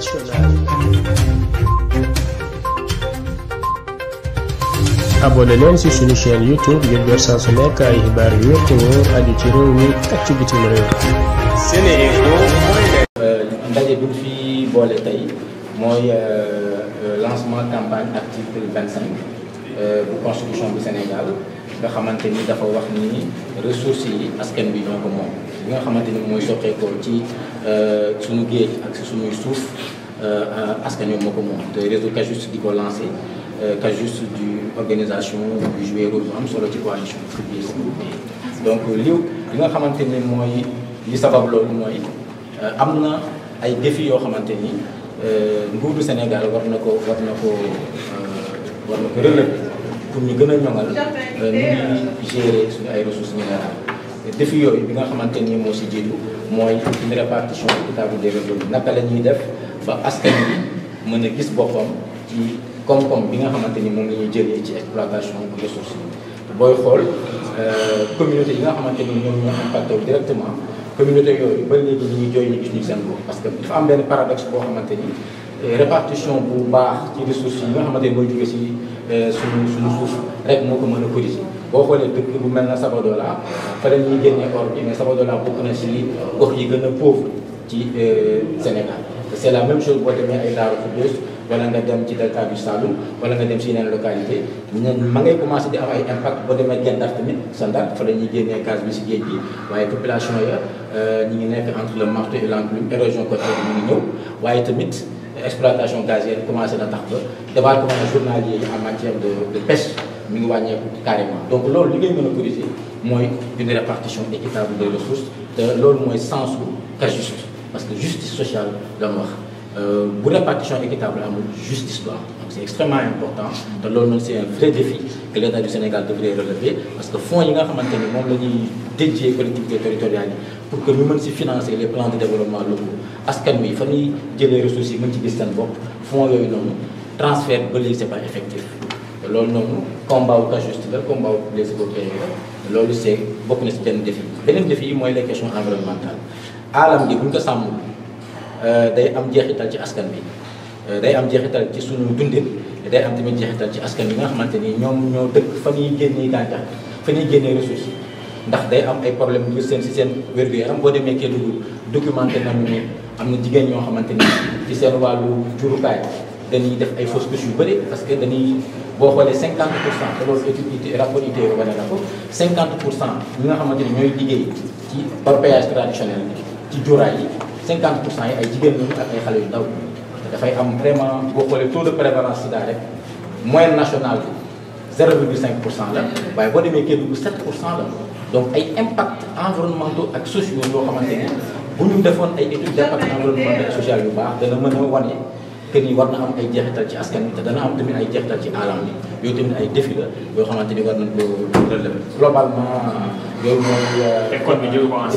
internationale. abonné leen ci suñu chaîne youtube ngir saa su nekk xibaar yu wér te wóor aju ci réew mi ak ci bitim réew. Euh, ndaje bi fi boole tey mooy euh, euh, lancement campagne article bu constitution bu Sénégal. nga xamante ni dafa wax ni ressources yi askan bi ñoo ko moom li nga xamante ni mooy ko ci euh, suñu géej ak si suñuy suuf euh, askan wi moo ko moom te réseau Cajus di ko lancé euh, Cajus du organisation bu joué rôle am solo ci coalition bi donc liw li nga xamante ni mooy li sabab loolu mooy am na ay défis yoo xamante ni nguuru Sénégal war na ko war na ko war na pour ñu gën a ñoŋal euh, ni ñuy gérer suñu ay ressources minérales défi yooyu bi nga xamante ni moo si jiitu mooy une répartition équitable des la ñuy def ba askan bi mën a gis boppam ci koom-koom bi nga xamante ni moom la ñuy jëlee ci exploitation ressources yi booy xool euh, communauté yi nga xamante ni ñoom ñoo impacté directement communauté yooyu ba léegi ñu ngi jooy ñu gis ñu seen bopp parce que dafa am benn paradoxe boo xamante ni répartition bu baax ci ressources yi nga xamante ni mooy jóge si suñu suñu suuf rek moo ko mën a corriger boo xoolee dëkk bu mel na Sabodala fa la ñuy génnee or bi mais Sabodala bokk na si li gox yi gën a pauvre ci euh, Sénégal te c'est la même chose boo demee ay Darou Khoudoss wala nga dem ci delta du Saloum wala nga dem si yeneen localité ma ngay commencé di am ay impact boo demee Gendar tamit sa Ndar fa la ñuy génnee gaz bi si géej gi waaye population ya euh, ñu ngi nekk entre le marteau et l'enclume érosion côtière bi mu ngi tamit exploitation gazière commencé na tax ba débarquement journalier yi en matière de de pêche mi ngi wàññeeku carrément donc loolu li ngay mën a corriger mooy une répartition équitable des ressources te loolu mooy sens u CAJUST parce que justice sociale lañu wax euh, bu répartition équitable amul justice du am donc c'est extrêmement important te loolu noonu c'est un vrai défi que l'État du Sénégal devrait relever parce que fonds yi nga xamante moom la ñuy dédier collectivités territoriales askan wi fa ñuy jëlee ressources yi mën ci gis seen bopp fonds yooyu noonu transfert ba léegi c'est pas loolu noonu combat wu cas juste la combat wu les écotaires loolu c'est bokk na si benn défi beneen défi yi mooy les questions environnementales aalam bi bu ñu ko sàmmul euh, day am jeexital ci askan bi euh, day am jeexital ci suñu dundin day am ma jeexital ci askan bi nga xamante ni ñoom ñoo dëkk fa ñuy génnee gàncax fa ñuy génnee ressources yi ndax day am ay problème yu seen si seen wér-gu-yaram boo demee Kédougou documenté nañu am na jigéen ñoo xamante ni ci seen wàllu jurukaay dañuy def ay fausses couches yu bëri parce que dañuy boo xoolee 50 pour cent te loolu étude rapport ITIE wane na ko 50 pour cent ñi nga xamante ni ñooy liggéey ci orpaillage traditionnel bi ci juraay yi 50 pour cent yi ay jigéen ñi ak ay xale yu ndaw dafay am vraiment boo xoolee taux de prévalence sida rek moyenne nationale bi 0,5 pour cent la waaye boo demee Kédougou 7 pour cent la donc ay impact environnementaux ak sociaux yoo xamante bu ñu defoon ay études d'impact environnemental social yu baax dana mën a wane que ni war na am ay jeexital ci askan bi te dana am tamit ay jeexital ci alam bi yooyu tamit ay défi yoo xamante ni war nañ ko relever globalement yooyu mooy. Euh, te code bi jëlu ko en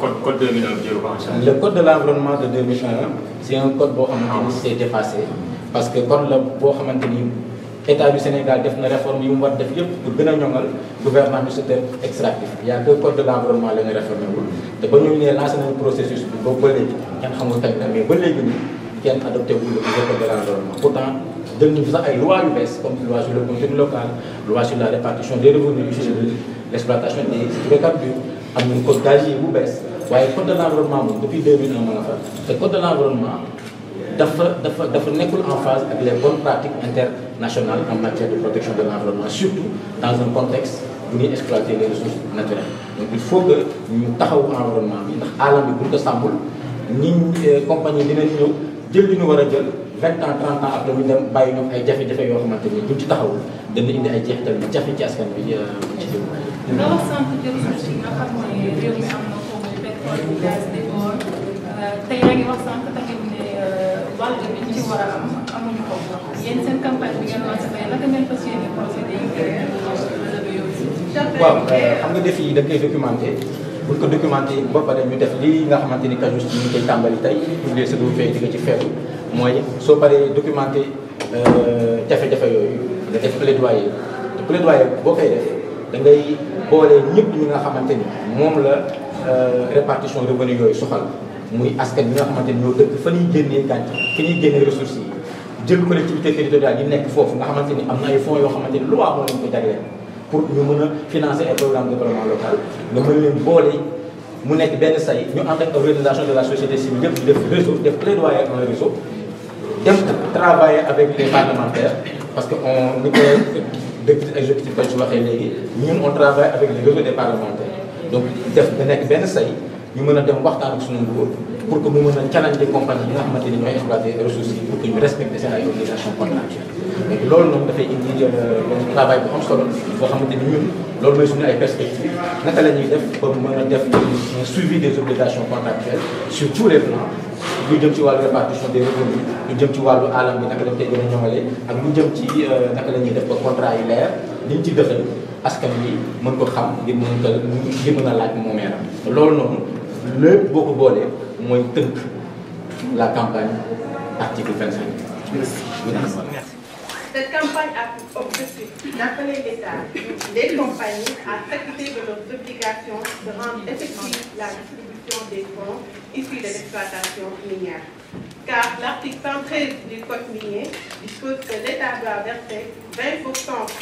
code code 2001 jëlu ko en charge. le de de 2001 c' est un code boo xamante ni c' est dépassé parce que code la boo xamante ni. état du Sénégal def na réforme yu mu war def yëpp pour gën a ñoŋal gouvernement du extractif y a deux codes de l'environnement la ñu réformé wul te ba ñu nee lancé nañu processus bi boobu léegi kenn xamul kañ la mais ba léegi ni kenn adopté wul le code de l'environnement pourtant jël nañu sax ay loi yu bees comme loi local loi sur la répartition des revenus sur l'exploitation des hydrocarbures am nañu code d'AGI bu bees waaye code de l'environnement moom depuis 2001 ma nga fa code de national am matière de protection de l'environnement, surtout dans un contexte bu ñuy exploiter les ressources naturelles donc il faut que ñu taxaw environnement bi ndax alam bi buñ ko sàmbul ñi euh, compagnie dinañ ñëw jël li war a jël vingt ans trente ans après ñu dem bàyyi ñoom ay jafe-jafe yoo xamante ni buñ ci taxawul dana indi ay jeexital yu jafe ci askan bi euh, ci jiw. nga wax sant ressources yi nga na euh, wax sant tamit ne wàll bi ñu ci war a am. waaw eh, xam nga def yi dañ koy documenté buñ ko documenté ba pare ñu def lii nga xamante ni Cajus ñu ngi koy tàmbali tey pour les secours fee di nga ci feetu mooy soo paree documenté euh, jafe-jafe yooyu nga def plaidoyer te plaidoyer boo koy nga xamante ni moom la euh, répartition revenu yooyu soxal muy askan bi nga xamante ni ñoo dëkk fa ñuy génnee gàncax fi ñuy génnee ressources yi jël collectivité territoriale yi nekk foofu nga xamante ni am na ay fonds yoo xamante ni loi moo leen ko jagleel pour ñu mën a financer ay programme de développement local nga mën leen boole mu nekk benn say ñu ànd ak organisation de la société civile yëpp def réseau def plaidoyer dans le réseau dem travailler avec les parlementaires parce que on ni ko depuis ay jeuti ko ci waxee léegi ñun on travaille avec le réseau des parlementaires donc def nga nekk benn say ñu mën a dem waxtaan ak suñu nguur pour a challenger compagnie yi nga xamante ni ñooy euh, boo xamante ni ñun loolu mooy suñu ay la ñuy def ba mën a def un suivi des obligations contractuelles sur tous lu jëm ci wàllu répartition des revenus lu jëm ci wàllu alam bi naka def tey gën a ñoŋale ak lu jëm ci euh, naka la ñuy def ba contrat yi leer liñ ci dëxal askan bi mën ko xam ngir mën na ngir mën a laaj moomeeram loolu noonu lépp boo ko mooy tënk la campagne article 25. a pour l'État, les compagnies à s'acquitter de leurs obligations effective la distribution des fonds issus de l'exploitation minière. Car l'article 113 du Code minier dispose que l'État doit verser 20%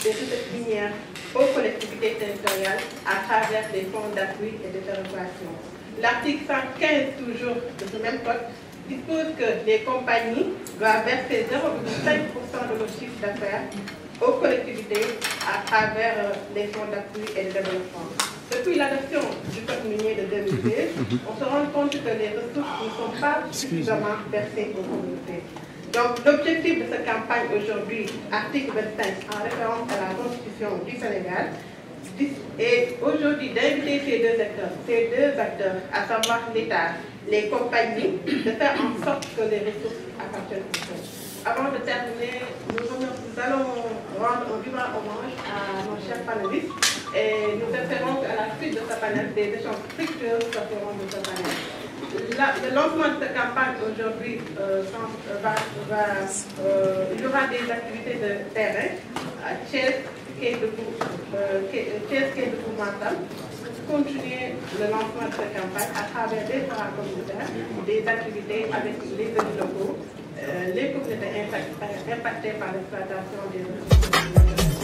des recettes aux collectivités territoriales à travers les fonds d'appui et de péréquation. L'article 115 toujours de ce même code dispose que les compagnies doivent verser 0,5% de leur chiffre d'affaires aux collectivités à travers euh, les fonds d'appui et de développement. Depuis l'adoption du code minier de 2002, mhm. mhm. on se rend compte que les ressources ne sont pas suffisamment versées aux communautés. Donc l'objectif de cette campagne aujourd'hui, article en référence à la Constitution du Sénégal, est aujourd'hui d'inviter ces deux acteurs, ces deux acteurs, à savoir l'État, les compagnies, de faire en sorte que les ressources appartiennent aux jeunes. Avant de nous, nous allons rendre un vivant hommage à nos chers panélistes et nous espérons qu'à la suite de ce panel, des échanges fructueux sortiront de ce panel. La, le lancement de campagne aujourd'hui euh, euh, euh, il y aura des activités de terrain à Chelsea, Kédougou Thiès-Kédougou euh, euh, Matam continuer le lancement de cette campagne à travers des programmes communautaires, des activités avec les élus locaux, euh, les communautés impactées par, impactées par l'exploitation des ressources.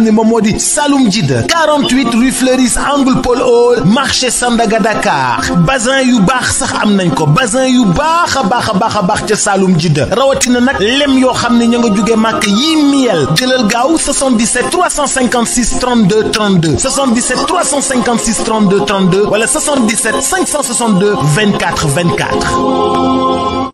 xam ne moom moo di Saloum Jide 48 rue Fleuris angle Paul Hall marché Sandaga Dakar bazin yu baax sax am nañ ko basin yu baax a baax a baax a baax ca Saloum Jide rawatina nag lem yoo xam ne ña nga jugee màkk yii miel jëlal gaaw 77 356 32 32 77 356 32 32 wala 77 562 24 24.